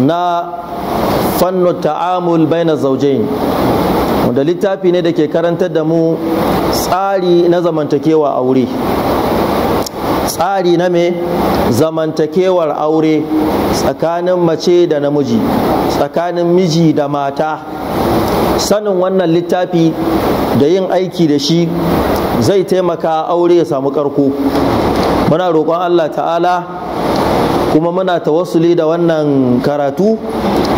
na fannu ta'amul bayna zaujain wanda littafi ne da ke karantar da mu tsari na zamantakewa aure tsari na me zamantakewar aure tsakanin mace da namiji tsakanin miji da mata sanin wannan littafi da yin aiki da shi zai taimaka aure ya samu karko muna roƙon allah ta'ala kuma muna tawassuli da wannan karatu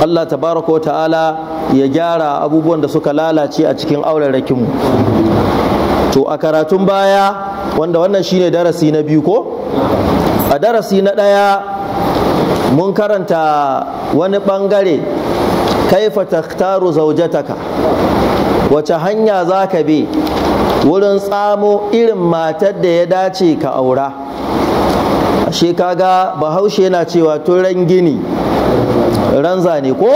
Allah tabaraka wa ta'ala ya gyara abubuwan da suka lalace a cikin auren mu to a karatun baya wanda wannan shine darasi na biyu ko a darasi na ɗaya mun karanta wani ɓangare kaifa taktaru zaujataka wace hanya za ka bi wurin tsamo irin matar da ya dace ka aura shi kaga bahaushe yana cewa tun ran gini ran zane ko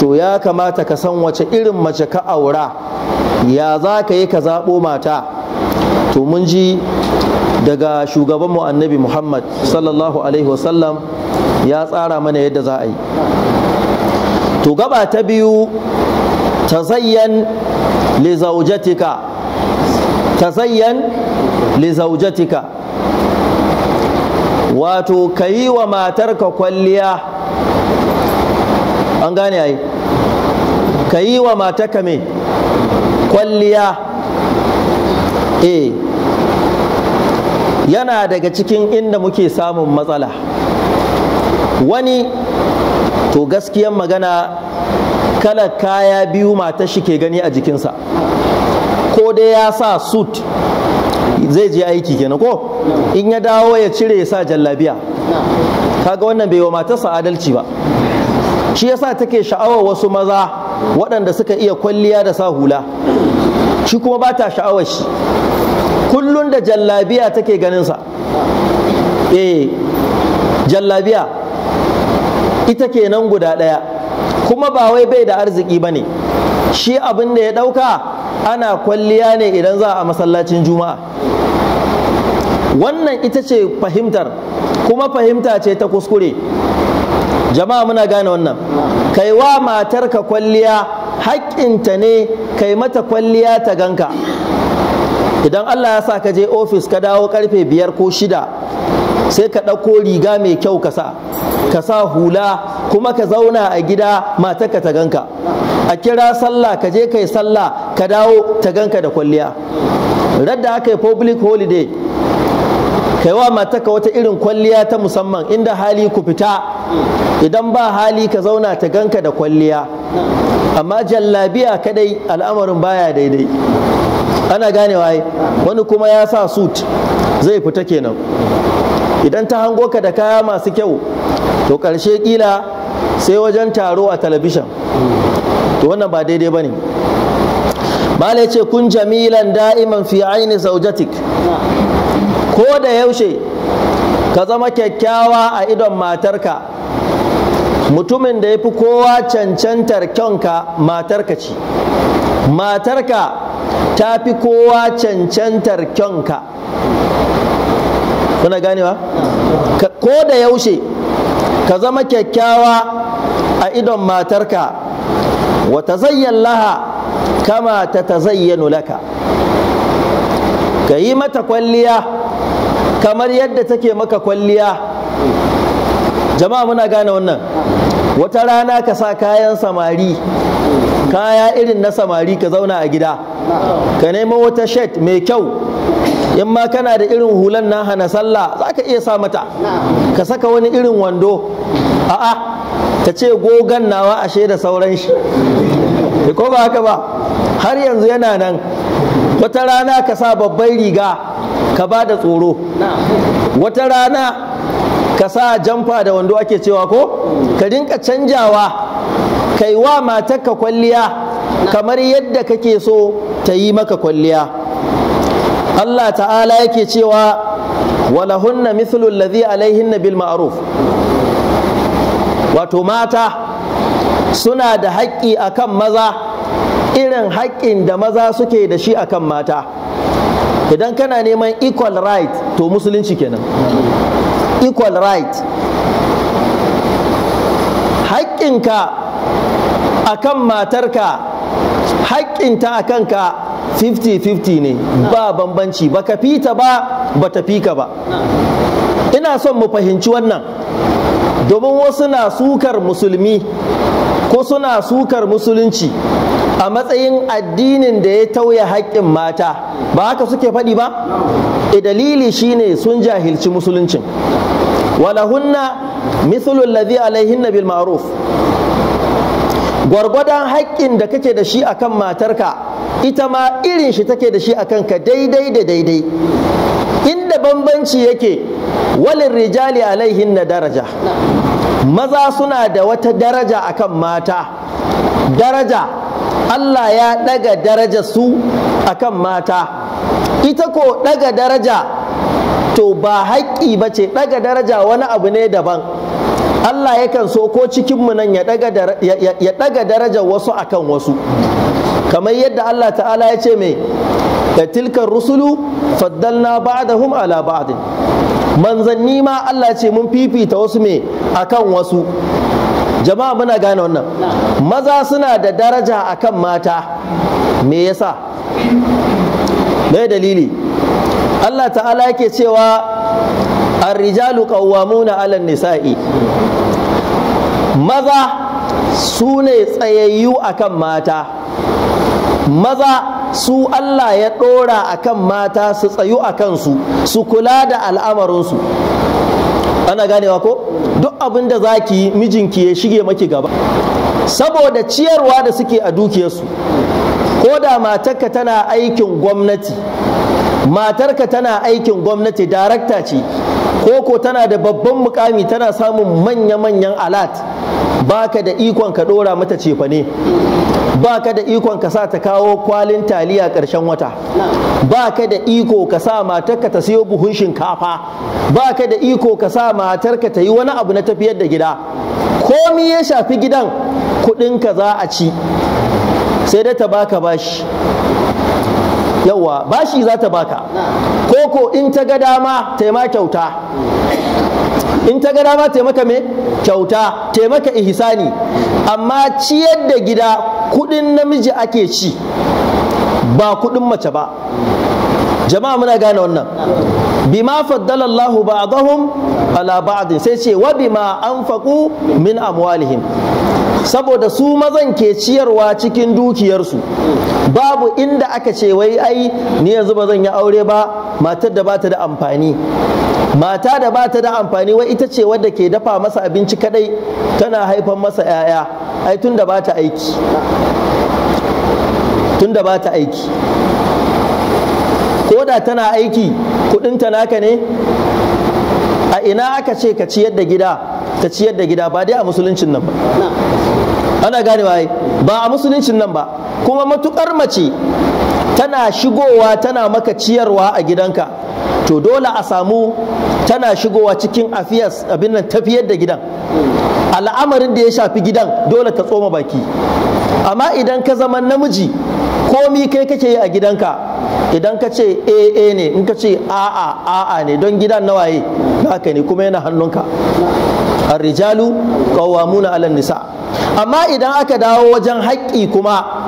to ya kamata ka san wace irin mace ka aura ya za ka yi ka zaɓo mata to mun ji daga shugabanmu annabi muhammad sallallahu alaihi wasallam ya tsara mana yadda za a yi to gaba ta biyu tazayyan li lizaujatika. wato ka yi wa matarka kwalliya an gane ai ka yi wa matarka me kwalliya eh. yana daga cikin inda muke samun matsala wani to gaskiyan magana kalar kaya biyu matar shi ke gani a jikinsa ko dai ya sa suit zai je aiki kenan ko in ya dawo ya cire ya sa jallabiya kaga wannan bai wa matarsa adalci ba shi yasa take sha'awar wasu maza waɗanda suka iya kwalliya da sa hula shi kuma ba ta sha'awar shi kullun da jallabiya take ganinsa eh jallabiya ita kenan guda ɗaya kuma ba wai bai da arziki ba ne shi abin da ya ɗauka ana kwalliya ne idan za a masallacin juma'a wannan ita ce fahimtar kuma fahimta ce ta kuskure jama'a muna gane wannan kai wa matarka kwalliya haƙƙinta ne kai mata kwalliya ta ganka idan allah ya sa ka je ofis ka dawo karfe biyar ko shida sai ka ɗauko riga mai kyau ka sa ka sa hula kuma ka zauna a gida matarka ta ganka a kira sallah ka je kai sallah ka dawo ta ganka da kwalliya radda aka yi public holiday ka yi wa matarka wata irin kwalliya ta musamman inda hali ku fita idan ba hali ka zauna ta ganka da kwalliya amma jallabiya kadai al'amarin baya daidai ana ganewa ai wani kuma ya sa suit zai fita kenan idan ta hango ka da kaya masu kyau to ƙarshe ƙila sai wajen taro a talabishin to wannan ba daidai ba ne bala ya ce kun jamilan da'iman fi aini zaujatik ko da yaushe ka zama kyakkyawa a idon matarka mutumin da ya fi kowa cancantar kyanka matarka ce matarka ta fi kowa cancantar kyanka kuna ganewa ko da yaushe ka zama kyakkyawa a idon matarka wa zayyan laha kama ta zayyanu laka ka yi mata kwalliya kamar yadda take maka kwalliya jama'a muna gane wannan wata rana ka sa kayan samari kaya irin na samari ka zauna a gida ka nemo wata shet mai kyau ma kana da irin hulan na hana sallah za ka iya sa mata ka saka wani irin wando a'a ta ce gogan nawa ashe da sauran shi ko ba haka ba har yanzu yana nan wata rana ka sa babban riga ka ba da tsoro wata rana ka sa jamfa da wando ake cewa ko ka dinka canjawa kai wa matarka kwalliya kamar yadda kake so ta yi maka kwalliya Allah ta'ala yake cewa walahunna mithlu alladhi alaihinna bil ma'ruf wato mata suna da haƙƙi akan maza irin haƙƙin da maza suke da shi akan mata idan kana neman equal right to musulunci kenan equal right haƙƙinka akan matarka haƙƙinta akan ka 50-50 ne ba bambanci ba ka ta ba ba ta ka ba ina son mu fahimci wannan domin wasu na sukar musulmi ko suna sukar musulunci a matsayin addinin da ya tauye haƙƙin mata ba haka suke faɗi ba e dalili shine sun jahilci musuluncin walahunna mithlul ladhi alaihinna bil ma'ruf gwargwadon haƙƙin da kake da shi akan matarka ita ma irin shi take da shi a kanka daidai da daidai inda bambanci yake walin rijali alaihin na daraja maza suna da wata daraja akan mata daraja Allah ya ɗaga daraja su akan mata ita ko ɗaga daraja to ba haƙƙi ba ce ɗaga daraja wani abu ne daban Allah yakan so ko cikinmu nan ya ɗaga daraja wasu akan wasu kamar yadda Allah ta'ala ya ce mai da tilkar rusulu faddalna ba'dahum ala ba'd manzanni ma Allah ce mun fifita wasu me akan wasu jama'a muna gane wannan maza suna da daraja akan mata me yasa me dalili Allah ta'ala yake cewa rijalu qawwamuna 'alan nisa'i maza su ne tsayayyu akan mata maza su Allah ya ɗora a kan mata su tsayu a kansu su kula da al'amarinsu ana ganewa ko duk abin da za ki mijinki ya shige maki gaba saboda ciyarwa da suke a dukiyarsu ko da matarka tana aikin gwamnati matarka tana aikin gwamnati darakta ce ko ko tana da babban mukami tana samun manya-manyan alat baka da ikon ka dora mata cefane baka da ikon ka sa ta kawo kwalin taliya ƙarshen wata baka da iko ka sa matarka ta siyo buhun shinkafa baka da iko ka sa matarka ta yi wani abu na tafiyar da gida komi ya shafi gidan kuɗinka za a ci sai dai ta baka bashi yawa bashi za ta baka koko in ta ga dama ta yi ma kyauta in ta ga dama taimaka me kyauta taimaka ihsani amma ciyar da gida kudin namiji ake ci ba kudin mace ba jama'a muna gane wannan bima faddala Allahu ba'dahum ala ba'd sai ce wa bima anfaqu min amwalihim saboda su mazan ke ciyarwa cikin dukiyarsu babu inda aka ce wai ai ni yanzu ba zan yi aure ba matar da bata da amfani mata da ba ta da amfani wai ita ce wadda ke dafa masa abinci kadai tana haifan masa 'ya'ya ai tun da ba ta aiki tun da ba ta aiki ko da tana aiki kudinta naka ne a ina aka ce ka ciyar da gida ta ciyar da gida ba dai a musuluncin nan ba ana gane ai ba a musuluncin nan ba kuma matukar mace tana shigowa tana maka ciyarwa a gidanka to dole a samu tana shigowa cikin afiyas abin nan tafiyar da gidan al'amarin da ya shafi gidan dole ka tsoma baki amma idan ka zama namiji komi kai kake yi a gidanka idan ka ce aa ne in ka ce a'a a'a ne don gidan na waye? haka ne kuma yana hannunka arrijalu qawwamuna 'alan nisa amma idan aka dawo wajen haƙƙi kuma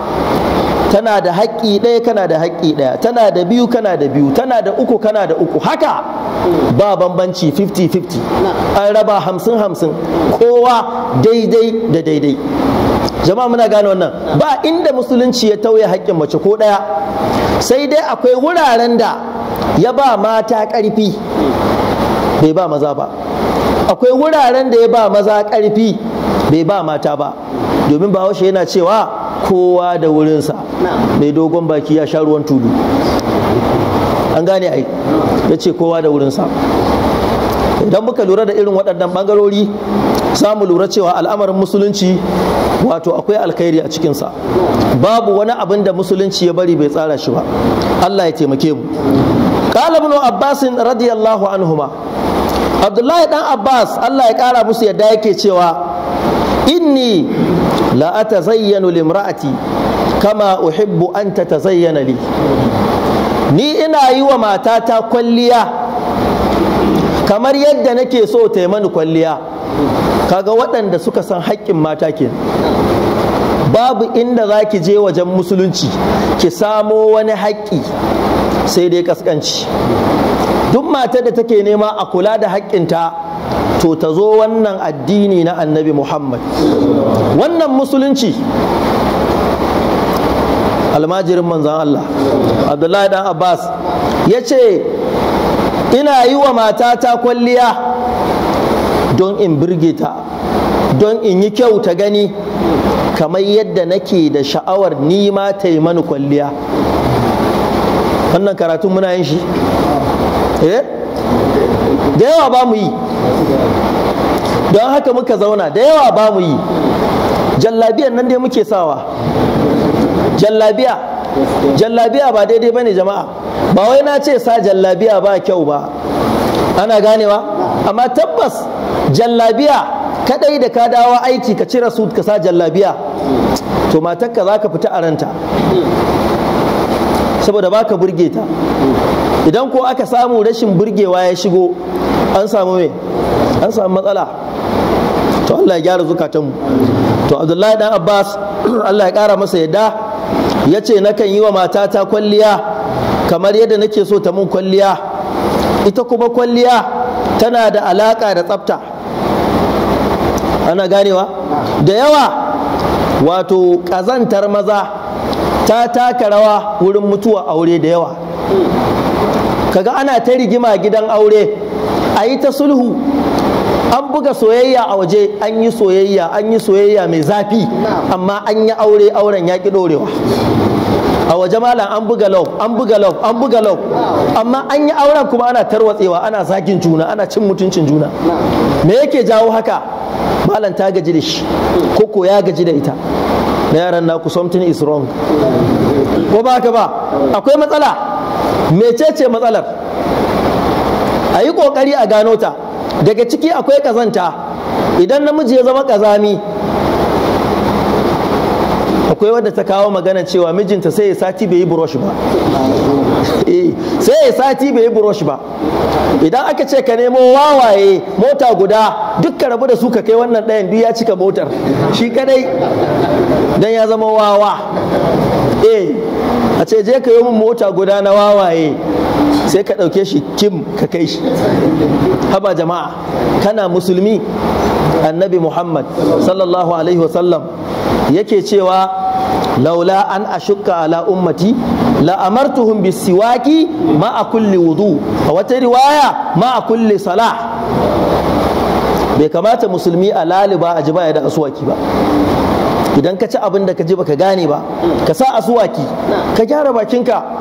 tana da haƙƙi ɗaya kana da haƙƙi ɗaya tana da biyu kana da biyu tana da uku kana da uku haka ba bambanci 50-50 an raba 50-50 kowa daidai da daidai jama'a muna gane wannan ba inda musulunci ya tauye haƙƙin mace ko ɗaya sai dai akwai wuraren da ya ba mata ƙarfi bai ba maza ba akwai wuraren da ya ba maza ƙarfi bai ba mata ba domin bahaushe yana cewa kowa da wurinsa mai dogon baki ya sha ruwan tudu an gane ai ya ce kowa da wurinsa idan muka lura da irin waɗannan ɓangarori za lura cewa al'amarin musulunci wato akwai alkhairi a cikinsa babu wani abin da musulunci ya bari bai tsara shi ba allah ya taimake mu qala ibn abbas radiyallahu anhuma abdullahi ɗan abbas allah ya kara musu yadda yake cewa inni la'ata atazayyanu limra'ati kama uhibbu an tatazayyana li ni ina yi wa matata kwalliya kamar yadda nake so ta mani kwalliya kaga waɗanda suka san haƙƙin mata ke babu inda za ki je wajen musulunci ki samo wani haƙƙi sai dai ƙasƙanci duk matar da take nema a kula da haƙƙinta to ta zo wannan addini na annabi muhammad wannan musulunci almajirin manzan Allah Abdullahi dan Abbas ya ce ina yi wa matata kwalliya don in birge ta don in yi kyau ta gani kamar yadda nake da sha'awar nima ta yi mani kwalliya wannan karatun muna yin shi eh? da yawa ba mu yi don haka muka zauna da yawa ba mu yi jallabiyan nan dai muke sawa jallabiya jallabiya ba daidai ne jama'a ba wai na ce sa jallabiya ba kyau ba ana ganewa amma tabbas jallabiya kadai da ka dawo aiki ka cire su ka sa jallabiya to matarka za ka fita a ranta saboda ba ka burge ta idan ko aka samu rashin burgewa ya shigo an samu me an samu matsala to Allah ya gyara zukatanmu to Abdullahi dan Abbas Allah ya kara masa yadda ya ce nakan yi wa matata kwalliya kamar yadda nake so ta mun kwalliya ita kuma kwalliya tana da alaƙa da tsafta ana ganewa da yawa wato ƙazantar maza ta taka rawa wurin mutuwa aure da yawa kaga ana ta rigima gidan aure a yi ta sulhu an buga soyayya a waje an yi soyayya an yi soyayya mai zafi amma an yi aure auren ya ki dorewa a waje malam an buga lau an buga lau an buga lau amma an yi auren kuma ana tarwatsewa ana zagin juna ana cin mutuncin juna me yake jawo haka malam ta gaji da shi koko ya gaji da ita na yaran naku something is wrong ko ba ka ba akwai matsala mecece matsalar a yi kokari a gano ta daga ciki akwai kazanta idan namiji ya zama kazami akwai wadda ta kawo magana cewa mijinta sai ya sati bai yi burosh ba eh, sai ya sati bai yi burosh ba idan aka ce ka nemo wawaye mota guda duk rabu da su ka kai wannan ɗayan duk ya cika motar shi kadai don ya zama wawa eh, a ce je ka yi min mota guda na wawaye sai ka ɗauke shi kim ka kai shi haba jama'a kana musulmi annabi muhammad sallallahu alaihi wasallam yake cewa laula an ashukka ala ummati la amartuhum ma ma'a kulli wudu a wata riwaya ma'a kulli salah bai kamata musulmi a laliba a ji baya da asuwaki ba idan ka ci abin da ka ji baka gane ba ka sa asuwaki ka gyara bakinka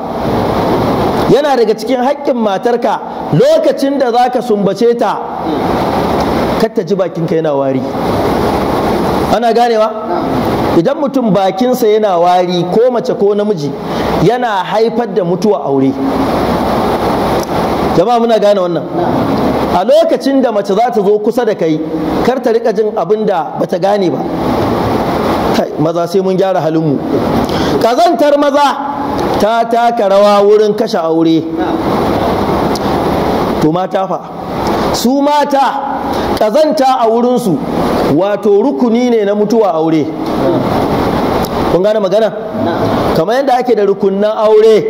yana daga cikin haƙƙin matarka lokacin da za ka sumbace ta ta ji bakinka yana wari ana ganewa idan mutum bakinsa yana wari ko mace ko namiji yana haifar da mutuwa aure jama'a muna gane wannan a lokacin da mace za ta zo kusa da kai kar ta rika jin abin da bata gane ba maza sai mun gyara halinmu ƙazantar maza ta taka rawa wurin kashe aure to mata fa su mata ƙazanta a wurinsu wato rukuni ne na mutuwa aure kun gane magana kamar yadda ake da rukunan aure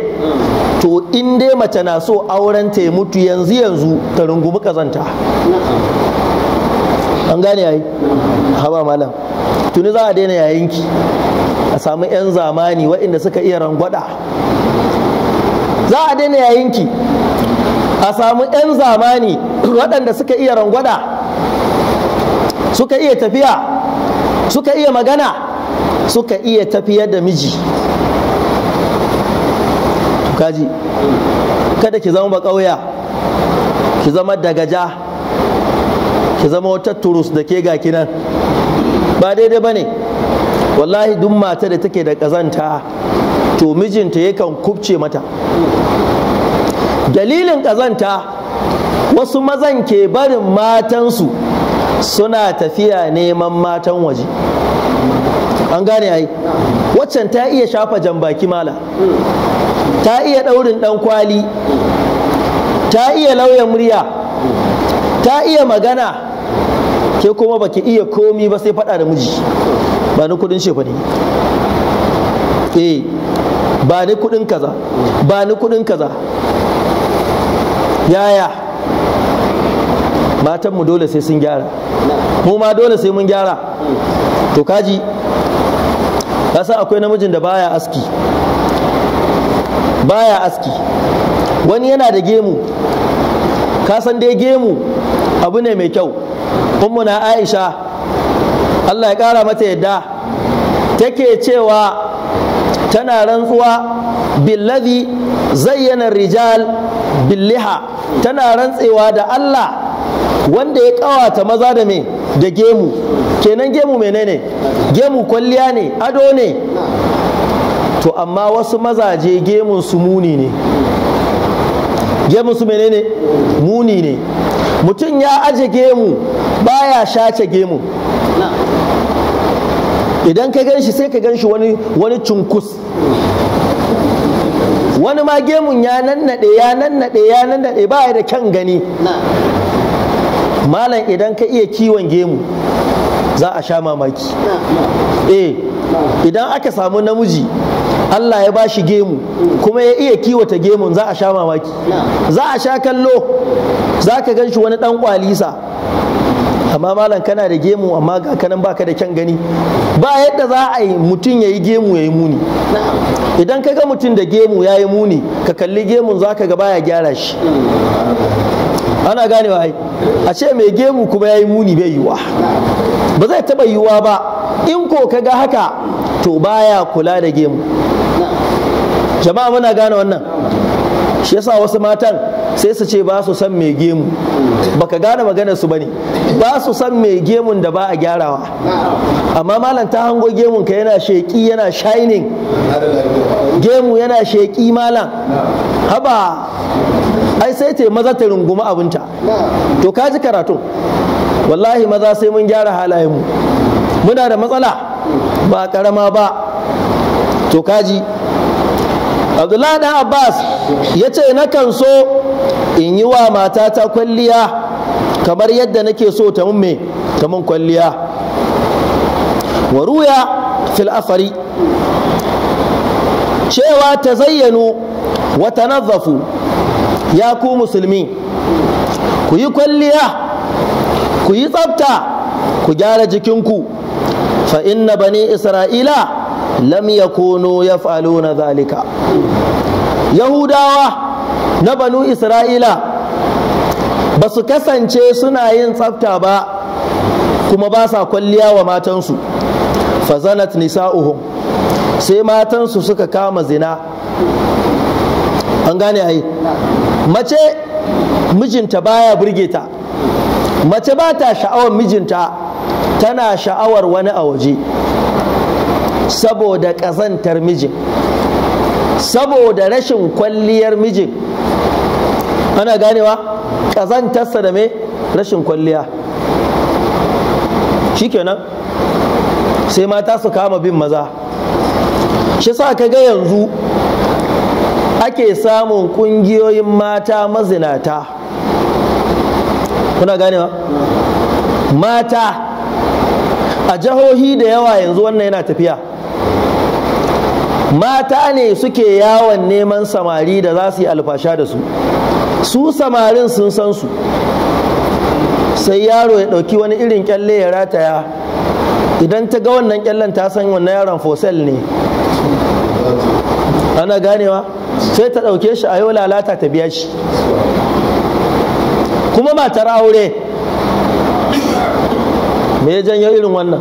to in dai mace na so auren ta ya mutu yanzu yanzu ta rungumi ƙazanta an gane yayi haba malam tuni za a daina yayin ki a samu 'yan zamani waɗanda suka iya rangwada za a daina yayinki a samu 'yan zamani waɗanda suka iya rangwada suka iya tafiya suka iya magana suka iya tafiyar da miji kaji kada ki zama ƙauya ki zama dagaja ki zama wata turus da ke ga kinan ba daidai ba ne wallahi duk mata da take da ƙazanta to mijinta yakan kubce mata dalilin ƙazanta wasu mazan ke barin matansu suna tafiya neman matan waje an gane ai waccan ta iya shafa jambaki mala ta iya ɗaurin ɗan kwali ta iya lauya murya ta iya magana ke kuma baki iya komi ba sai faɗa da miji ba ni kudin shefa ne eh ba ni kudin kaza ba ni kudin kaza yaya matan mu dole sai sun gyara mu ma dole sai mun gyara to kaji san akwai namijin da baya aski baya aski wani yana da gemu Ka san dai gemu abu ne mai kyau ummuna aisha Allah ya ƙara mata yadda take cewa tana rantsuwa billazi zayyana rijal billiha tana rantsewa da Allah wanda ya ƙawata maza da me da gemu kenan gemu menene gemu kwalliya ne ado ne to amma wasu mazaje gemun su muni ne gemun su menene muni ne mutum ya aje gemu baya shace gemu idan ka gan shi sai ka gan shi wani cunkus wani ma gemun ya nannaɗe ya nannaɗe ya nannaɗe ba da kyan gani malam idan ka iya kiwon gemu za a sha mamaki eh idan aka samu namiji Allah ya bashi gemu kuma ya iya kiwata gemun za a sha mamaki za a sha kallo za ka gan shi wani ɗan kwalisa amma malam kana da gemu amma ga kanan baka da kyan gani ba yadda za a yi mutum ya yi gemu ya yi muni idan ka ga mutum da gemu ya yi muni ka kalli gemun za ka ga baya gyara shi ana ganewa ai a ce mai gemu kuma ya yi muni bai yiwa ba zai taɓa yiwa ba in ko ka ga haka to baya kula da gemu jama'a muna gane wannan shi yasa wasu matan sai su ce ba su san mai gemu baka gane maganar su bane ba su san mai gemun da ba a gyarawa amma malam ta hango gemun ka yana sheƙi yana shining gemu yana sheƙi malam haba ai sai ta maza ta runguma abinta to ka ji karatun wallahi maza sai mun gyara halayen mu. muna da matsala ba karama ba to kaji abdullahi dan abbas ya ce na kan so in yi wa matata kwalliya kamar yadda nake so ta mun me ta mun kwalliya wa ruya fil asari cewa ta zayyanu wa tanazzafu ya ku musulmi ku yi kwalliya ku yi tsafta ku gyara jikinku fa inna bani isra'ila lam yakunu yaf'aluna zalika yahudawa na banu isra'ila ba su kasance suna yin tsafta ba kuma ba sa kwalliya wa matansu fazanat nisa'uhum sai matansu suka kama zina an gane ai mace mijinta baya burge ta mace ba ta sha'awar mijinta tana sha'awar wani a waje saboda ƙazantar mijin saboda rashin kwalliyar mijin ana ganewa ƙazantarsa da me rashin kwalliya shikenan sai mata su kama bin maza shi sa ka ga yanzu ake samun ƙungiyoyin mata mazinata kuna ganewa mata a jihohi da yawa yanzu wannan yana tafiya mata ne suke yawon neman samari da za su yi alfasha da su su samarin sun san su sai yaro ya ɗauki wani irin kyalle ya rataya idan ta ga wannan kyallen ta san wannan yaron fosel ne ana ganewa sai ta ɗauke shi a yau lalata ta biya shi kuma ba ta aure me ya janyo irin wannan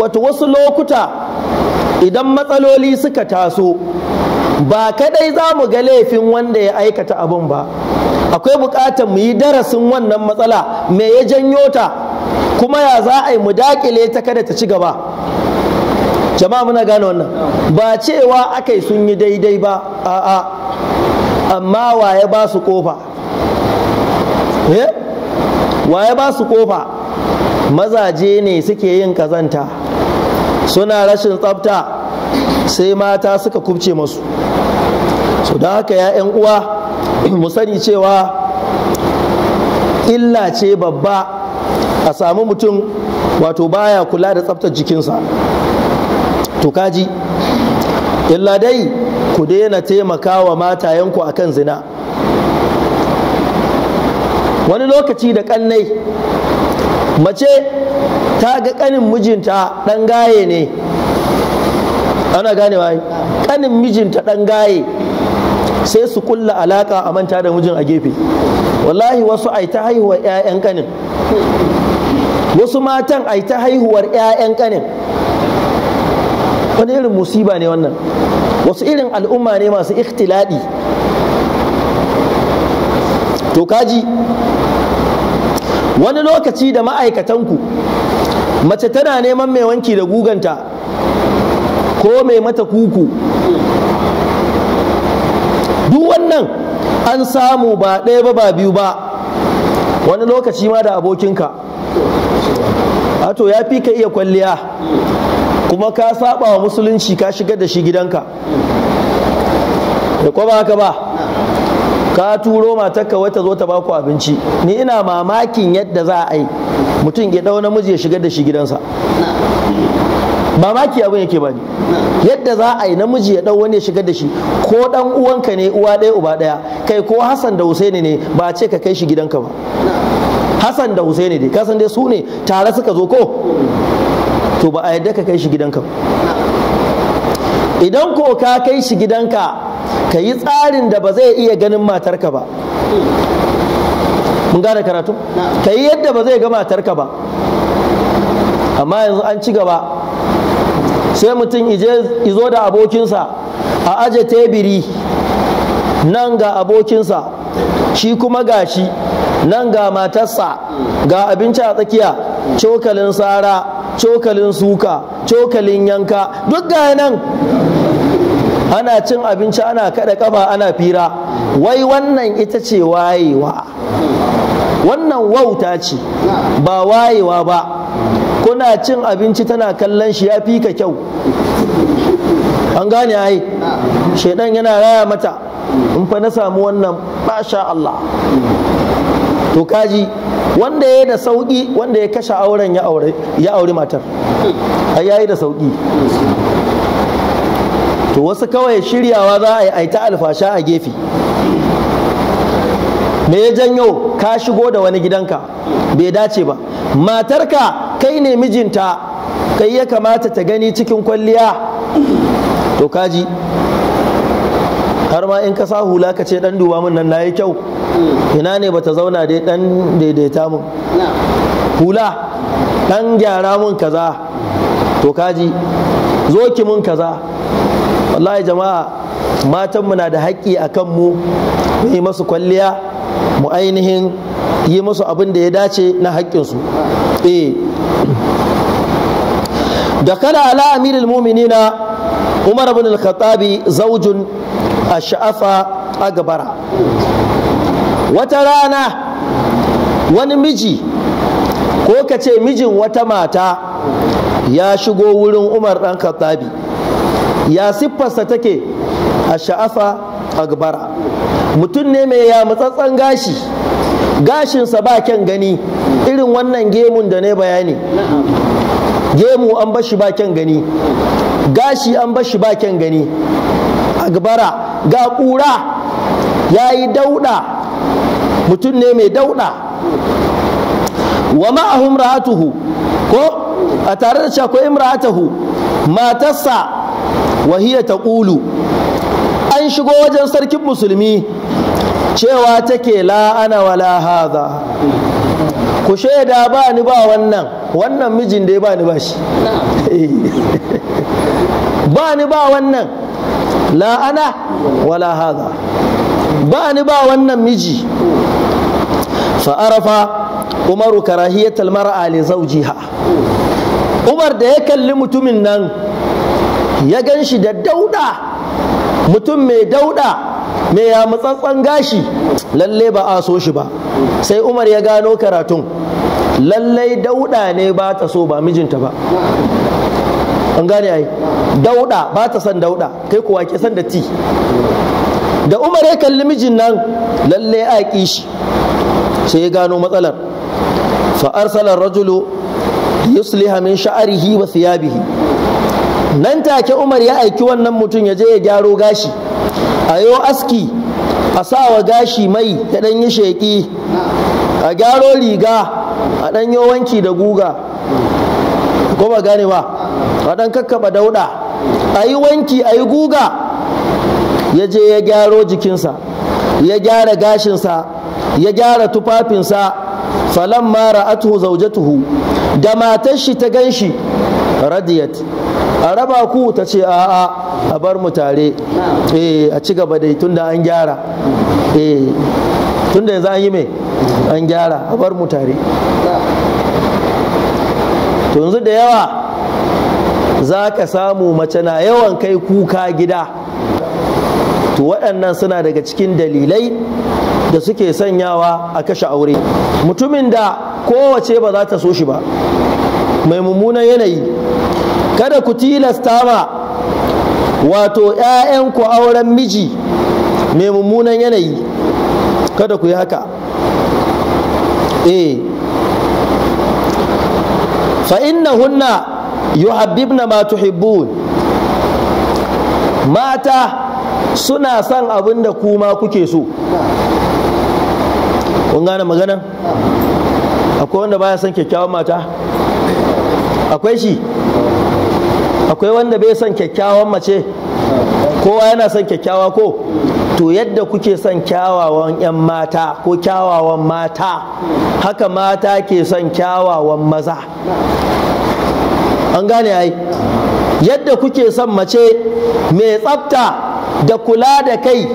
wato wasu lokuta idan matsaloli suka taso ba kadai za mu ga laifin wanda ya aikata abun ba akwai bukatar mu yi darasin wannan matsala me ya janyo ta kuma ya za a yi mu dakile ta kada ta ci gaba jama'a muna gane wannan ba cewa akai sun yi daidai ba a'a amma waye ba su kofa eh? waye ba su kofa mazaje ne suke yin kazanta suna rashin tsafta sai mata suka kubce masu da haka ya 'yan uwa mu sani cewa illa ce babba a samu mutum wato baya kula da tsaftar jikinsa to kaji illa dai ku daina taimakawa matayenku kan zina wani lokaci da kannai mace ta ga kanin mijinta ɗan gaye ne ana ganewa kanin mijinta ɗan gaye sai su kulla alaka a manta da mijin a gefe wallahi wasu ai ta haihuwar 'ya'yan kanin wasu matan ai ta haihuwar 'ya'yan kanin wani irin musiba ne wannan wasu irin al'umma ne masu ikhtiladi to kaji wani lokaci da ma'aikatanku mace tana neman mai wanki da guganta ko mai mata kuku an samu ba ɗaya ba ba biyu ba wani lokaci ma da abokinka wato ya fi ka iya kwalliya kuma ka saba wa musulunci ka shigar da shi gidanka da kuma haka ba ka turo matarka wata zo ta baku abinci ni ina mamakin yadda za a yi mutum ya ɗau namiji ya shigar da shi gidansa Ba maki abin yake ne. yadda za a yi namiji ya ɗau wani ya shigar da shi ko ɗan uwanka ne uwa ɗaya uba ɗaya kai ko Hassan da Husaini ne ba a ce ka kai shi gidanka ba Hassan da Husaini dai kasan dai su ne tare suka zo ko to ba a yadda ka kai shi gidanka ba idan ko ka kai shi gidanka ka yi tsarin da ba zai iya ganin matarka ba mun gane karatu ka yi yadda ba zai ga matarka ba amma yanzu an ci gaba sai mutum izo da abokinsa a aje tebiri nan ga abokinsa shi kuma ga shi nan ga matarsa ga abinci a tsakiya cokalin tsara cokalin suka cokalin yanka duk ga nan ana cin abinci ana kada kafa ana fira wai wannan ita ce wayewa wannan wauta ce ba wayewa ba kuna cin abinci tana kallon shi ya fi ka kyau an gane ai shaidan yana raya mata in fa na samu wannan basha Allah to kaji wanda ya da sauki wanda ya kashe auren ya aure ya aure matar ai yayi da sauki to wasu kawai shiryawa za a yi aita alfasha a gefe me ya janyo ka shigo da wani gidanka bai dace ba matarka kai ne mijinta kai ya kamata ta gani cikin kwalliya to kaji har ma in ka sa hula ka ce dan duba min nan nayi kyau ina ne bata zauna dai dan daidaita mun hula dan gyara mun kaza to kaji zo ki mun kaza wallahi jama'a matan mu na da haƙƙi akan mu mu yi masu kwalliya mu ainihin yi musu abin da ya dace na haƙƙinsu eh. da kada ala amirul mu'minina umar bin al-khattabi zaujun ash'afa agbara wata rana wani miji ko ka ce mijin wata mata ya shigo wurin umar dan khattabi ya siffarsa take a sha'afa agbara mutum ne mai ya matsatsan gashi gashinsa ba kyan gani irin wannan gemun da na bayani gemu an bashi ba kyan gani gashi an bashi ba kyan gani agbara ga kura ya yi dauɗa mutum ne mai dauɗa wa ma'ahum ra'atuhu ko a tare da cewa ko imra'atahu matarsa wahiya ta ƙulu an shigo wajen sarkin musulmi cewa take la ana wala haza ku shaida ba ni ba wannan wannan mijin da ya ba ni ba shi eh. ba ni ba wannan la ana wala haza ba ni ba wannan miji fa'arafa umaru karahiyatal mar'a li zawjiha umar da ya kalli mutumin nan ya gan shi da dauda mutum mai dauda me ya matsatsan gashi lalle ba a so shi ba sai umar ya gano karatun lallai dauda ne ba ta so ba mijinta ba an gane ai dauda ba ta son dauda kai kuwa ke son da ti da umar ya kalli mijin nan lalle a ƙi shi sai ya gano matsalar fa arsala rajulu yusliha min sha'rihi wa thiyabihi nan take umar ya aiki wannan mutum ya je ya gyaro gashi a yo aski a sa wa gashi mai ta ɗan yi sheƙi a gyaro riga a ɗan yi wanki da guga ko ba gane ba a ɗan kakkaɓa dauɗa a yi wanki a yi guga ya je ya gyaro jikinsa ya gyara gashinsa ya gyara tufafinsa mara zauje zaujatuhu da matar shi ta ganshi radiyat a raba ku ta ce a'a a bar mu tare eh, a ci gaba tunda an gyara tun eh, tunda yanzu an yi mai an gyara a bar mu tare yanzu da yawa za ka samu mace na yawan kai kuka gida to waɗannan suna daga cikin dalilai da suke sanyawa a kashe aure mutumin da kowace ba za ta so shi ba mai mummunan yanayi kada ku tilasta ma wato ‘ya'yanku auren miji mai mummunan yanayi kada ku yi haka eh fa hunna yuhabbibna ma tuhibbun mata suna son abin da kuma kuke so kun gane maganan akwai wanda baya son kyakkyawan mata akwai shi akwai wanda bai son kyakkyawan mace kowa yana son kyakkyawa ko to yadda kuke son kyawawan 'yan mata ko kyawawan mata haka mata ke son kyawawan maza an gane ai yadda kuke son mace mai tsafta da kula da kai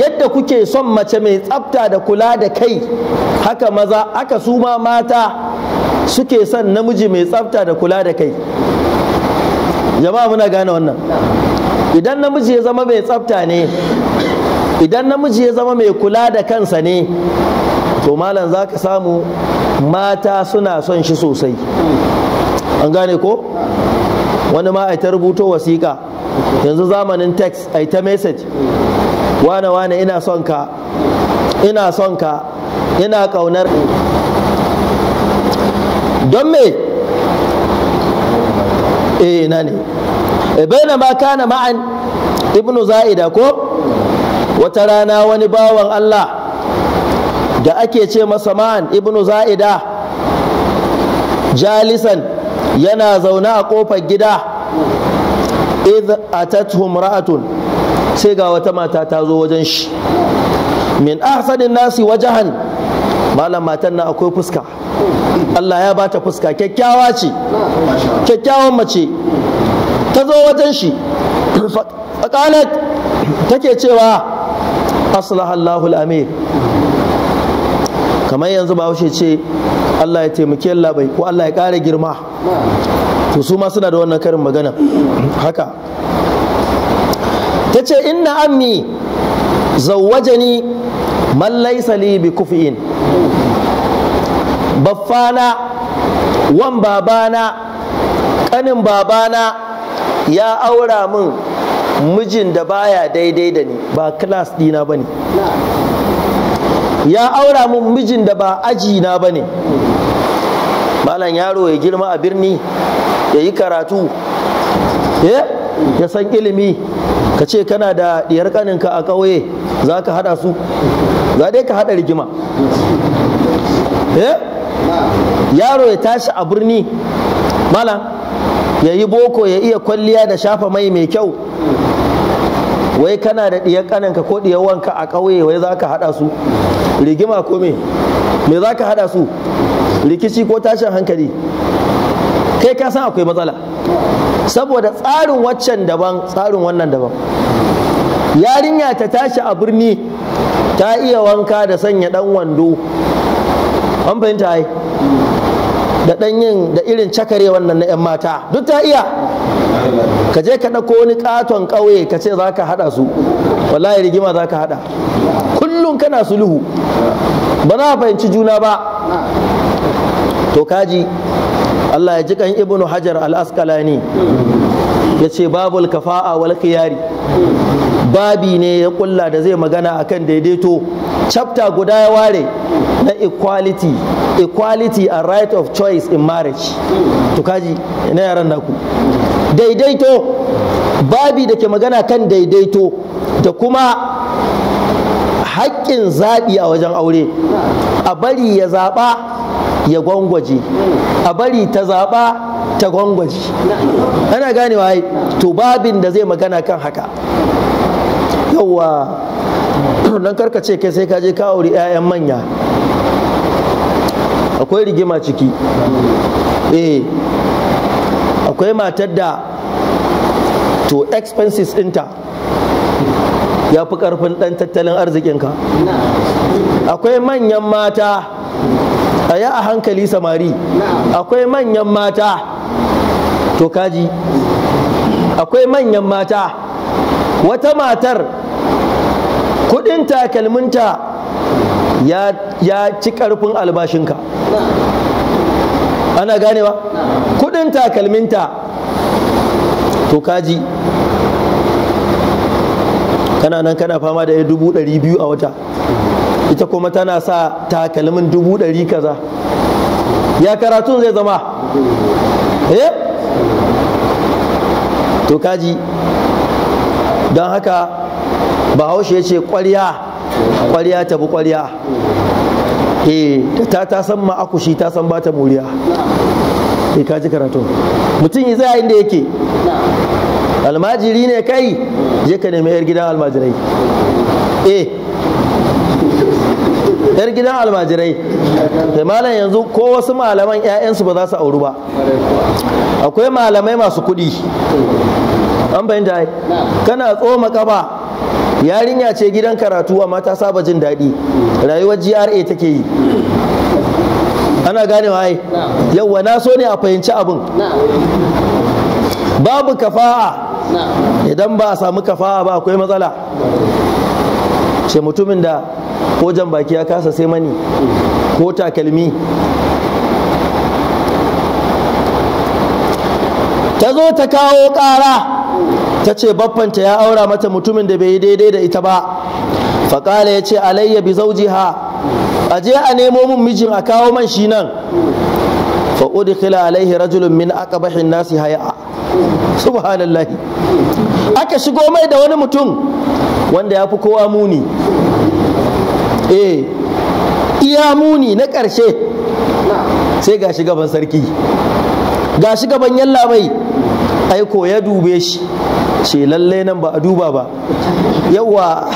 yadda kuke son mace mai tsafta da kula da kai haka maza aka suma mata suke son namiji mai tsafta da kula da kai jama'a muna gane wannan idan namiji ya zama mai tsafta ne idan namiji ya zama mai kula da kansa ne to malam za ka samu mata suna son shi sosai an gane ko wani ma ta rubuto wasiƙa yanzu zamanin text ai ta message wane wane ina son ka ina son ka ina ƙaunar don me eh ina ne eh, na ma kana ma'an ibnu za'ida ko wata rana wani bawan Allah da ake ce masa ma'an ibnu za'ida jalisan yana zaune a kofar gida id atathum ra'atun sai ga wata mata ta zo wajen shi min ahsanin nasi wajahan malam matan nan akwai fuska Allah ya bata fuska kyakkyawa ce kyakkyawan mace ta zo wajen shi faqalat take cewa aslaha Allahu al-amir kamar yanzu bahaushe ce Allah ya taimake labai ko Allah ya ƙara girma to su ma suna da wannan karin magana haka ta ce inna ammi zawwajani man laysa li bi kufin. baffana wan babana kanin babana ya aura min mijin da baya daidai da ni ba class dina bane ya aura min mijin da ba aji na bane malam yaro ya girma a birni ya yi karatu eh, ya san ilimi ka ce kana da diyar ƙaninka a ƙauye za ka haɗa su za dai ka haɗa rigima Eh? yaro ya tashi a birni mala ya yi boko ya iya kwalliya da shafa mai mai kyau wai kana da ɗiyar ƙaninka ko ɗiyar wanka a ƙauye wai za ka haɗa su rigima ko me me za ka haɗa su rikici ko tashin hankali kai ka san akwai matsala saboda tsarin waccan daban tsarin wannan daban yarinya ta tashi a birni ta iya wanka da sanya ɗan wando an fahimta ai da ɗanyin da irin cakare wannan na 'yan mata duk ta iya ka je ka ɗauko wani ƙaton ƙauye ka ce za ka haɗa su wallahi rigima za ka haɗa kullum kana sulhu ba za fahimci juna ba to kaji Allah ya ji kan ibnu hajar al-asqalani ya ce babul kafa'a wal khiyari babi ne ya kulla da zai magana akan daidaito chapter guda ya ware na equality equality and right of choice in marriage to kaji na yaran naku daidaito babi da ke magana kan daidaito da kuma haƙƙin zaɓi a wajen aure a bari ya zaɓa ya gwangwaje a bari ta zaɓa ta gwangwaje. ana ganewa to babin da zai magana kan haka yawwa nan karkace kai sai ka je ka auri 'ya'yan manya akwai rigima ciki eh akwai matar da to expenses ɗinta ya fi ƙarfin ɗan tattalin arzikinka akwai manyan mata a yi a hankali samari akwai manyan mata to kaji akwai manyan mata wata matar kudin takalminta ya ci karfin albashinka ana ganewa kudin takalminta to kaji kana nan kana fama da dubu ɗari biyu a wata ita kuma tana sa takalmin dubu ɗari kaza ya karatun zai zama eh to kaji don haka bahaushe ya ce ƙwarya ƙwarya ta bi ƙwarya eh, ta ta san ma shi ta san ba ta muriya eh ka ji karatu mutum ya zai inda yake almajiri ne kai je ka nemi yar gidan almajirai eh yar gidan almajirai da eh, malam yanzu ko wasu malaman 'ya'yansu ba za su auru ba akwai malamai masu kuɗi an da kana tsoma kaba yarinya ce gidan karatu amma ta saba jin daɗi rayuwar GRA take yi ana ganewa yau yauwa na so ne a fahimci abin babu kafa'a idan ba a samu kafa'a ba akwai matsala ce mutumin da ko jan baki ya kasa sai mani ko takalmi ta zo ta kawo ƙara ta ce baffanta ya aura mata mutumin da bai yi daidai da ita ba faƙala ya ce alayya bi zaujiha a je a nemo min mijin a kawo man shi nan fa udkhila alaihi rajulun min aqbahin nasi hay'a subhanallahi aka shigo mai da wani mutum wanda ya fi kowa muni eh iya muni na ƙarshe sai ga shi gaban sarki ga shi gaban yalla mai aiko ya dube shi ce lalle nan ba a duba ba yawa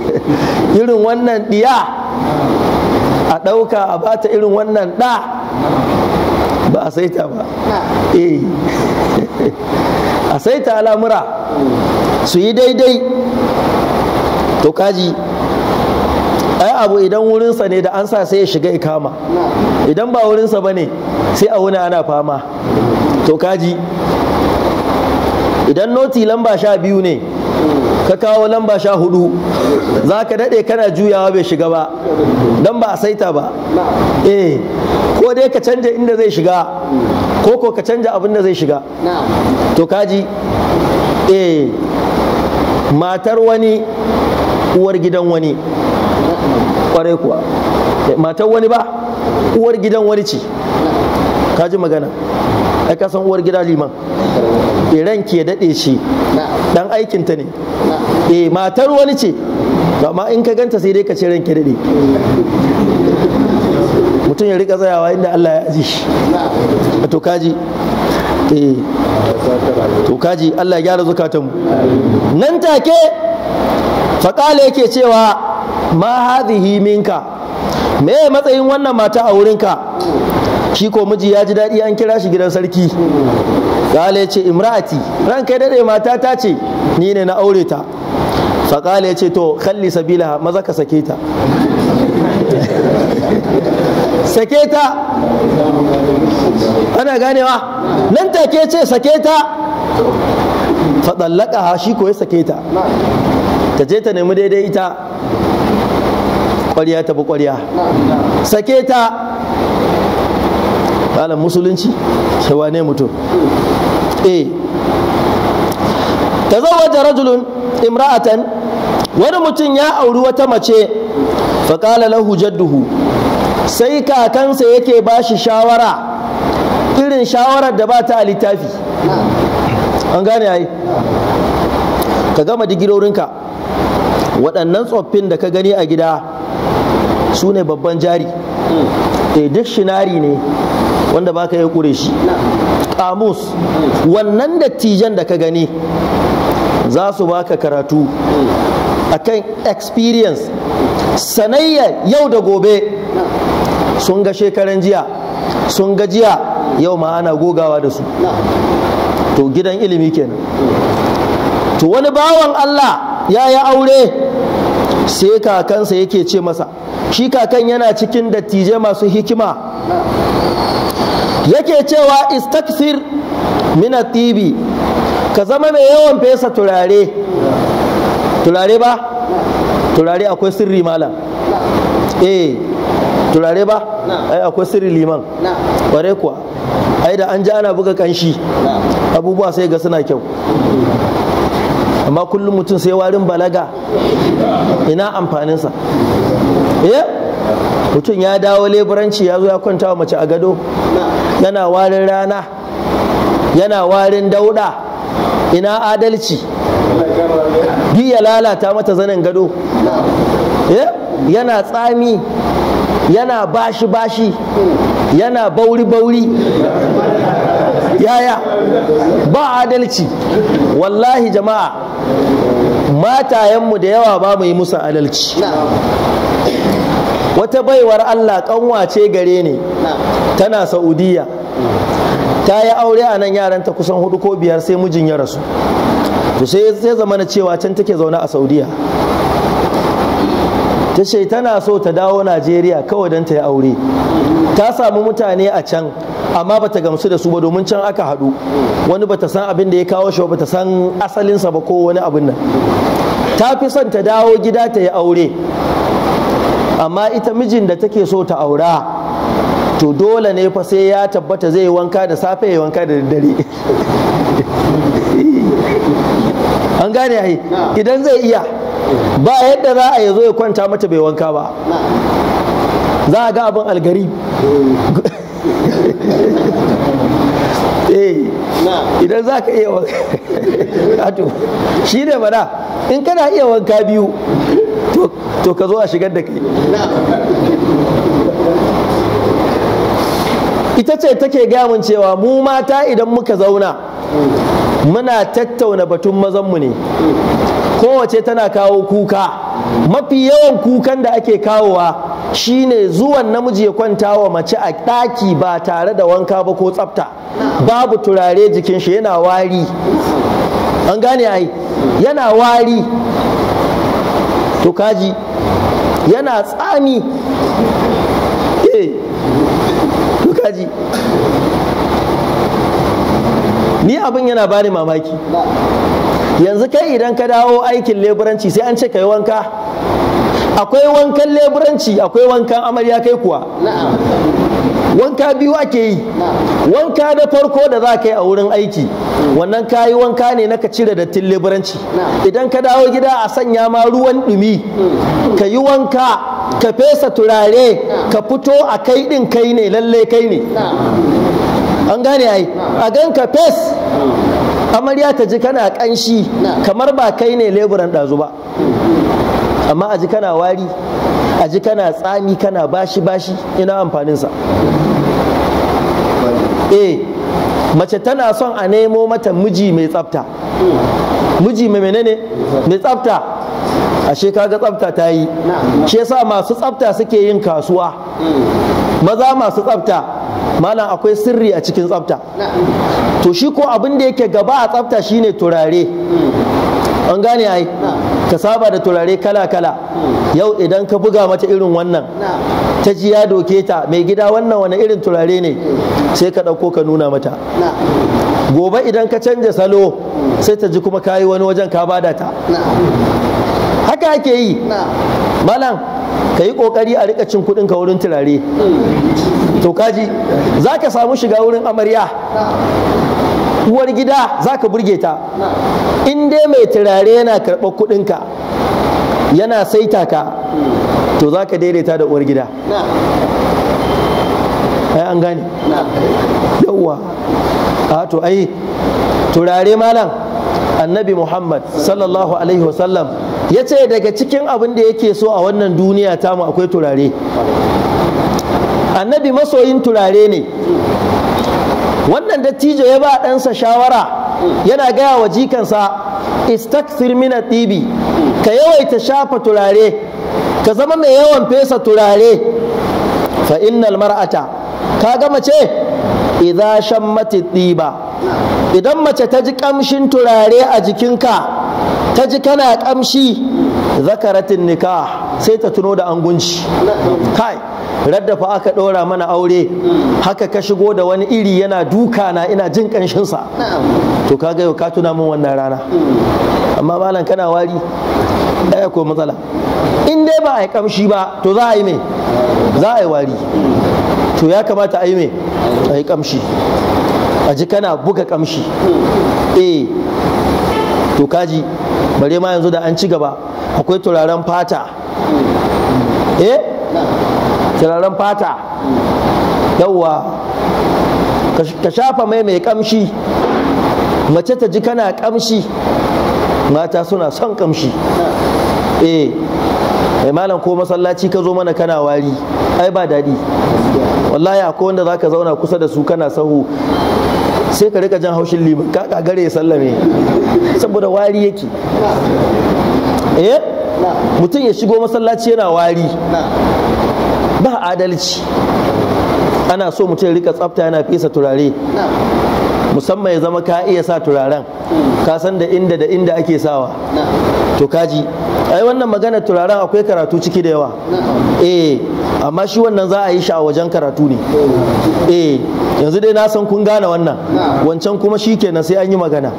irin wannan diya a ɗauka a bata irin wannan ɗa ba a saita ba eh, a saita al'amura su yi daidai to kaji ai abu idan wurinsa ne da an sa sai ya shiga ya kama idan ba wurinsa ba ne sai a wuni ana fama to kaji idan noti lamba sha biyu ne ka kawo lamba sha hudu za ka daɗe kana juyawa bai shiga ba don ba a saita ba eh ko dai ka canja inda zai shiga ko ko ka canja abin da zai shiga to kaji eh matar wani uwar gidan wani kwarai kuwa matar wani ba uwar gidan wani ce kaji magana ai ka san uwar gida liman ranki ke daɗe shi dan aikinta ne eh matar wani ce amma in ka ganta sai dai ka ce ke daɗe mutum ya rika tsayawa inda Allah ya aji shi to kaji eh. to kaji Allah ya gyara zukatanmu nan take faƙala yake cewa ma hadhihi minka me matsayin wannan mata a wurinka shi ko miji ya ji daɗi an kira shi gidan sarki kala ya ce imra'ati ranka ya dade mata ta ce ni ne na aure ta fa kala ya ce to kalli sabila maza ka sake ta sake ta ana ganewa nan take ce sake ta faɗallaka ha shi ko ya sake ta ta je ta nemi daidai ita ƙwariya ta bi ƙwariya sake ta ƙalan musulunci shawa ne mutum eh tazawwaja rajulun imra'atan wani mutum ya auri wata mace faƙala lahu jadduhu sai kakansa yake ba shi shawara irin shawarar da ba ta a littafi an gane ai ka gama digirorinka waɗannan tsoffin da ka gani a gida su ne babban jari eh, duk shinari ne wanda baka yi kure shi Ƙamus, wannan dattijan da ka gani za su baka karatu akan experience sanayya yau da gobe sun ga shekaran jiya sun ga jiya yau ma ana gogawa da su to gidan ilimi kenan to wani bawan Allah ya yi aure sai kakansa yake ce masa shi kakan yana cikin dattijai masu hikima yake cewa istakfir mina tibi ka zama mai yawan fesa turare turare ba turare akwai sirri malam eh turare ba ai akwai sirri liman ware kuwa ai da an ji ana buga kanshi abubuwa sai ga suna kyau amma kullum mutum sai warin balaga ina amfaninsa Eh? mutum ya dawo leburanci ya zo ya kwanta wa mace a gado yana warin rana yana warin dauda ina adalci bi ya lalata mata zanen gado eh? yana tsami yana bashi-bashi yana bauri-bauri yaya ba adalci wallahi jama'a matayenmu da yawa ba mu yi musu adalci wata baiwar Allah kanwa ce gare ni tana Saudiya ta yi aure a nan yaranta kusan hudu ko biyar sai mijin ya rasu to sai sai zamana cewa can take zaune a Saudiya ta ce tana so ta dawo Najeriya kawai don ta yi aure ta samu mutane a can amma bata gamsu da su ba domin can aka haɗu wani bata san abin da ya kawo shi bata san asalinsa ba ko wani abin nan ta fi son ta dawo gida ta yi aure amma ita mijin da take so ta aura to dole ne fa sai ya tabbata zai wanka da safe ya wanka da daddare an gane ai idan zai iya ba yadda za a yazo zo ya kwanta mata bai wanka ba za a ga abin algari eh, idan za ka iya wanka shi ne mana in kana iya wanka biyu to ka zo a shigar da kai ita ce take gamun cewa mu mata idan muka zauna muna tattauna batun mazanmu ne kowace tana kawo kuka mafi yawan kukan da ake kawowa shine zuwan namiji ya kwanta wa mace a ɗaki ba tare da wanka ba ko tsafta babu turare jikin shi yana wari an gane ai yana wari to kaji yana tsami eh ni abin yana bani mamaki yanzu kai idan ka dawo aikin leburanci sai an ce ka yi wanka akwai wankan leburanci akwai wankan amarya kai kuwa wanka biyu ake yi wanka da farko da za ka yi a wurin aiki wannan ka yi wanka ne na ka cire dattin leburanci idan ka dawo gida a sanya ma ruwan dumi ka yi wanka ka fesa turare ka fito a kai din kai ne lalle kai ne an gane ai a gan ka fes amarya ta ji kana kanshi kamar ba kai ne leburan ɗazu ba amma a ji kana wari a ji kana tsami kana bashi bashi ina amfaninsa eh mace tana son a nemo mata miji mai tsafta miji mai menene mai tsafta ashe kaga tsafta ta yi shi yasa masu tsafta suke yin kasuwa maza masu tsafta mana akwai sirri a cikin tsafta to shi ko abin da yake gaba a tsafta shine turare an gane ai ta saba da turare kala-kala yau idan ka buga mata irin wannan ta ji ya doke ta mai gida wannan wani irin turare ne sai ka ɗauko ka nuna mata gobe idan ka canja salo sai ta ji kuma kayi wani wajen ka bada ta haka ake yi malam ka yi ƙoƙari a rika cin kuɗin ka wurin turare to kaji za ka samu shiga wurin amarya uwar gida za ka burge ta in dai mai turare yana karɓar kuɗinka yana saita ka to za ka daidaita da uwar gida ai an gane yauwa a to ai turare malam annabi muhammad sallallahu alaihi wasallam ya ce daga cikin abin da yake so a wannan duniya tamu akwai turare annabi masoyin turare ne wannan dattijo ya ba ɗansa shawara yana gaya wa jikansa istakthir min ɗibi, ka yawaita shafa turare ka zama mai yawan fesa turare fa innal mar'ata ka ga mace idza shammati idan mace ta ji kamshin turare a jikinka ta ji kana kamshi zakaratin nikah sai ta tuno da angunci kai raddafa aka ɗora mana aure haka ka shigo da wani iri yana duka na ina jin ƙanshinsa to ka ga ka tuna min wannan rana amma malam kana wari ɗaya ko matsala in dai ba a yi ƙamshi ba to za a yi mai. za a yi wari to ya kamata a yi mai a yi ƙamshi a ji kana buga ƙamshi eh to kaji bare ma yanzu da an ci gaba akwai turaren fata eh turaren fata yauwa ka shafa mai mai kamshi mace ta ji kana kamshi mata suna son kamshi eh mai eh, malam ko masallaci ka zo mana kana wari ai ba daɗi wallahi akwai wanda zaka zauna kusa da su kana sahu sai ka rika jan haushin liman ka gare ya sallame saboda wari yake eh mutum ya shigo masallaci yana wari ba adalci ana so mutum rika tsafta yana fesa turare musamman ya zama ka iya sa turaren ka san da inda da inda ake sawa to kaji ai wannan magana turaren akwai karatu ciki da yawa eh amma shi wannan za a yi shi a wajen karatu ne eh yanzu dai na san kun gane wannan wancan kuma shi kenan sai an yi magana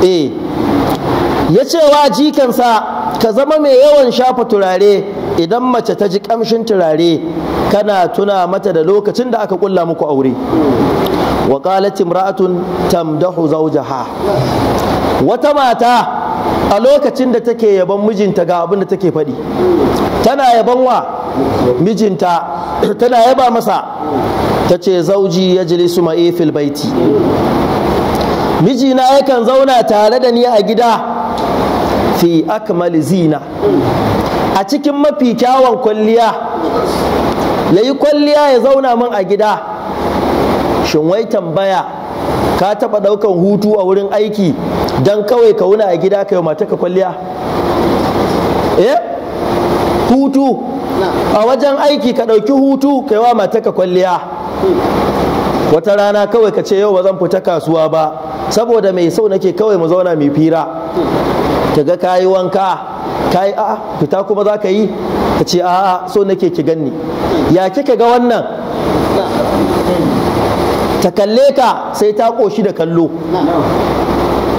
eh ya ce wa jikansa ka zama mai yawan shafa turare idan mace ta ji kamshin turare kana tuna mata da lokacin da aka kulla muku aure wa qalat imra'atun tamdahu zawjaha wata mata a lokacin da take yaban mijinta ga abin da take faɗi tana yaban wa mijinta tana yaba masa ta ce zauji ya jili su fil baiti mijina yakan zauna tare da ni a gida fi akmal zina a cikin mafi kyawun kwalliya ya yi kwalliya ya zauna min a gida shin wai tambaya ka taɓa ɗaukan hutu a wurin aiki don kawai ka wuna a gida ka yi mataka kwalliya eh hutu a wajen aiki ka ɗauki hutu ka yi wa mataka kwalliya wata rana kawai ka ce yau ba zan fita kasuwa ba saboda mai sau nake kawai mu zauna mai fira ta ga kayi wanka ka yi a'a fita kuma za ka yi ta ce a'a so nake ki ganni ya kika ga wannan ta kalle ka sai ta ƙoshi da kallo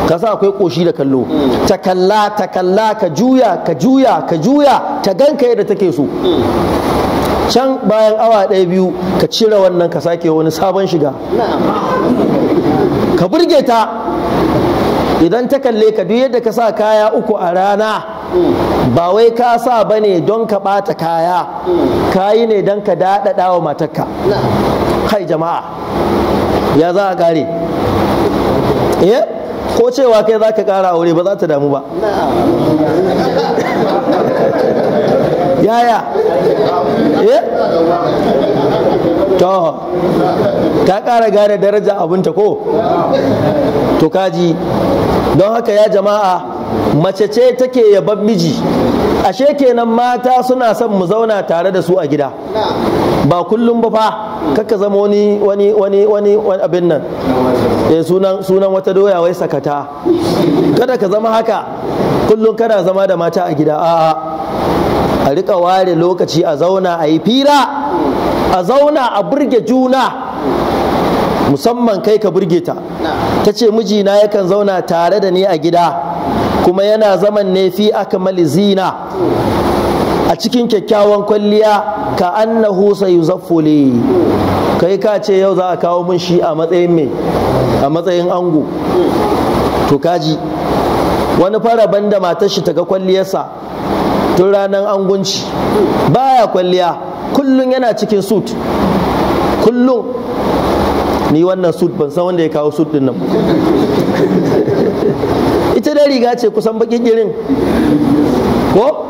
ka sa akwai ƙoshi da kallo ta kalla ta kalla ka juya ka juya ka juya ta ganka yadda take so can bayan awa ɗaya biyu ka cire wannan ka sake wani sabon shiga ka burge ta idan ta kalle ka duk yadda ka sa kaya uku a rana ba wai ka sa ba ne don ka bata kaya Ka yi ne don ka daɗaɗa wa matarka kai jama'a ya za a ƙare eh, ko cewa kai za ka ƙara aure ba za ta damu ba yaya eh ta ƙara gane daraja abinta ko to kaji don haka ya jama'a mace ce take yaban miji ashe kenan mata suna son mu zauna tare da su a gida ba kullum ba fa kaka zama wani wani wani wani abin nan eh sunan sunan wata doya wai sakata kada ka zama haka kullum kana zama da mata a gida a'a a rika ware lokaci a zauna a yi fira a zauna a burge juna musamman kai ka burge ta ta ce mijina yakan zauna tare da ni a gida kuma yana zaman ne fi mali zina a cikin kyakkyawan kwalliya ka annahu sayuzaffu li kai ka ce yau za a kawo mun shi a matsayin me a matsayin ango to kaji wani fara banda matar ta ga kwalliyarsa tun ranar angunci baya kwalliya kullum yana cikin sut kullum ni wannan sut ban san wanda ya kawo sut din nan ita da riga ce kusan bakin girin ko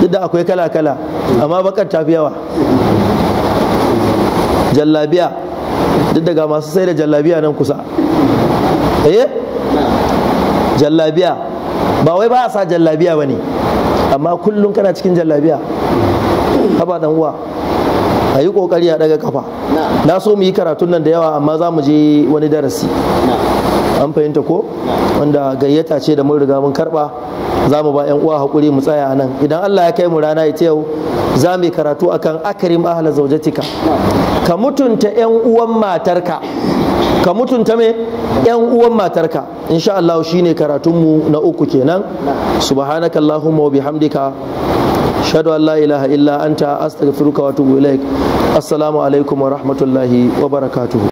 duk da akwai kala-kala amma bakar fi yawa jallabiya duk daga masu sai da jallabiya nan kusa eh jallabiya ba wai ba a sa jallabiya ba ne amma kullum kana cikin jallabiya haba dan uwa a yi kokari a daga kafa na so mu yi karatun nan da yawa amma za mu je wani darasi an fahimta ko wanda gayyata ce da mun riga mun karba za mu ba 'yan uwa hakuri mu tsaya a nan idan Allah ya kai mu rana ita yau za mu yi karatu akan akarim ahla zaujatika ka mutunta 'yan uwan matarka ka mutunta me yan uwan matarka insha Allah shine karatunmu na uku kenan allahumma wa bihamdika shadu an la ilaha illa anta astaghfiruka wa atubu ilaik assalamu alaikum wa rahmatullahi wa barakatuhu